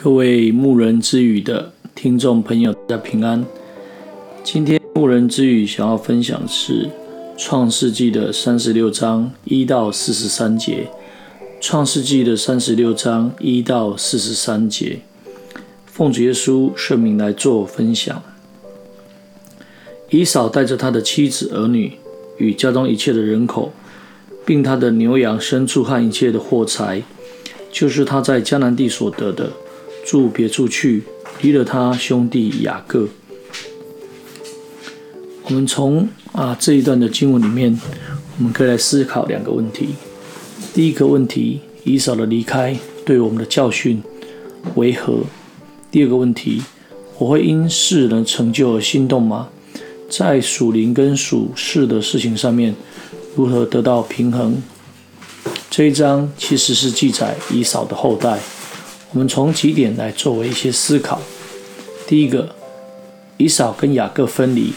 各位牧人之語的聽眾朋友，大家平安。今天牧人之語想要分享的是創世紀的36章節《創世紀的三十六章，一到四十三節，《創世紀的三十六章，一到四十三節，奉主耶穌聖名來做分享。以掃帶着他的妻子兒女與家中一切的人口，並他的牛羊牲畜和一切的貨財，就是他在迦南地所得的。住別處去，離了他兄弟雅各。我們從啊這一段的經文裡面，我們可以來思考兩個問題。第一個問題，以掃的離開對我們的教訓為何？第二個問題，我會因世人的成就而心動嗎？在屬靈跟屬世的事情上面，如何得到平衡？這一章其實是記載以掃的後代。我們從幾點來作為一些思考？第一個，以掃跟雅各分離，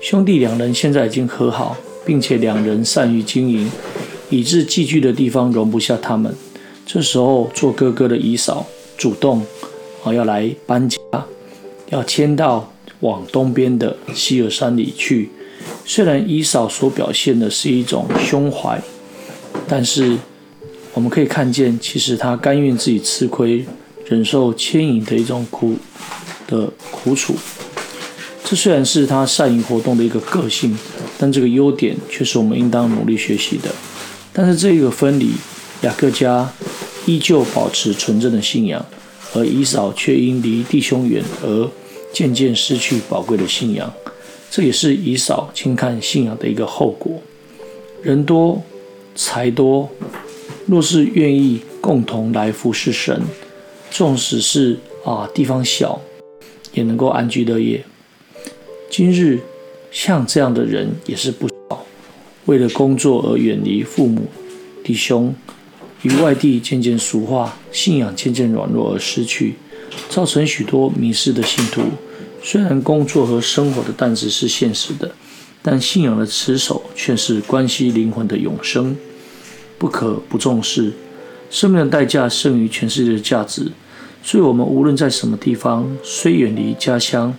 兄弟兩人現在已經和好，並且兩人善於經營，以致寄居的地方容不下他們。這時候，做哥哥的以掃主動啊，要來搬家，要遷到往東邊的西珥山裡去。雖然以掃所表現的是一種胸懷，但是。我們可以看見，其實他甘願自己吃虧，忍受牽引的一種苦的苦楚。這雖然是他善於活動的一個個性，但這個優點卻是我們應當努力學習的。但是這個分離，雅各家依舊保持純正的信仰，而以掃卻因離弟兄遠而漸漸失去寶貴的信仰。這也是以掃輕看信仰的一個後果。人多財多。若是願意共同來服侍神，縱使是啊地方小，也能夠安居樂業。今日像這樣的人也是不少，為了工作而遠離父母、弟兄，於外地漸漸俗化，信仰漸漸軟弱而失去，造成許多迷失的信徒。雖然工作和生活的擔子是現實的，但信仰的持守卻是關係靈魂的永生。不可不重視生命的代價勝於全世界的價值，所以，我們無論在什麼地方，雖遠離家鄉，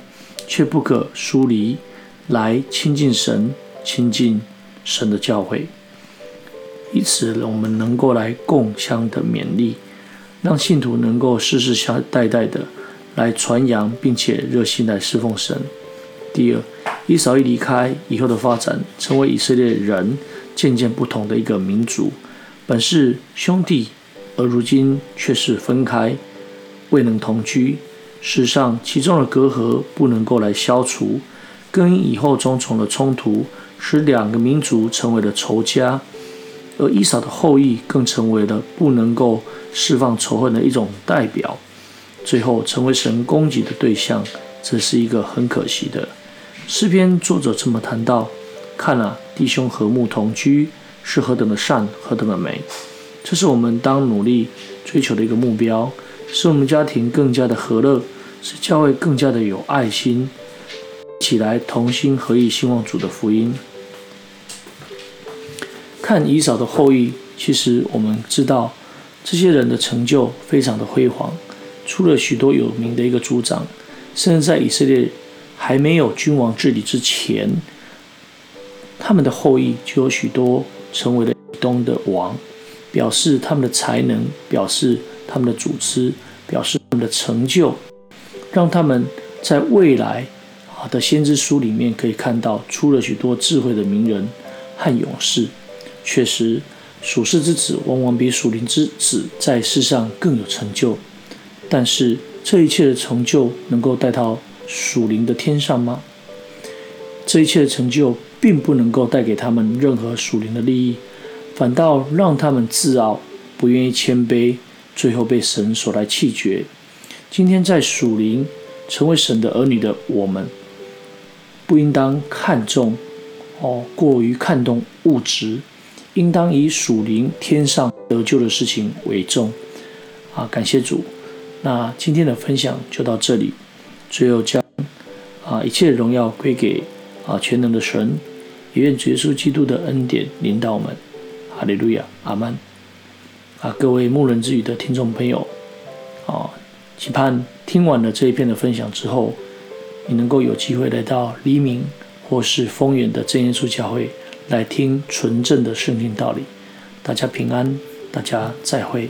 卻不可疏離，來親近神，親近神的教誨，以此我們能夠來共襄的勉勵，讓信徒能夠世世代代的來傳揚，並且熱心來侍奉神。第二，以掃一離開以後的發展，成為以色列人漸漸不同的一個民族。本是兄弟，而如今卻是分開，未能同居。事實上其中的隔閡不能夠來消除，更因以後重重的衝突，使兩個民族成為了仇家。而以掃的後裔更成為了不能夠釋放仇恨的一種代表，最後成為神攻擊的對象，這是一個很可惜的。詩篇作者這麼談到：看哪，弟兄和睦同居。是何等的善，何等的美，這是我們當努力追求的一個目標，使我們家庭更加的和樂，使教會更加的有愛心，起來同心合意興旺主的福音。看以掃的後裔，其實我們知道這些人的成就非常的輝煌，出了許多有名的一個族長，甚至在以色列還沒有君王治理之前，他們的後裔就有許多，成為了以東的王，表示他們的才能，表示他們的組織，表示他們的成就，讓他們在未來好的先知書裡面可以看到出了許多智慧的名人和勇士。確實，屬世之子往往比屬靈之子在世上更有成就，但是這一切的成就能夠帶到屬靈的天上嗎？這一切的成就。並不能夠帶給他們任何屬靈的利益，反倒讓他們自傲，不願意謙卑，最後被神所來棄絕。今天在屬靈成為神的兒女的我們，不應當看重，哦，過於看重物質，應當以屬靈天上得救的事情為重。啊，感謝主。那今天的分享就到這裡，最後將啊一切的榮耀歸給。啊，全能的神，也願主耶穌基督的恩典臨到我們。哈利路亞，阿門。啊，各位牧人之語的聽眾朋友，啊，期盼聽完了這一篇的分享之後，你能夠有機會來到黎明或是豐原的真耶穌教會來聽純正的聖經道理。大家平安，大家再會。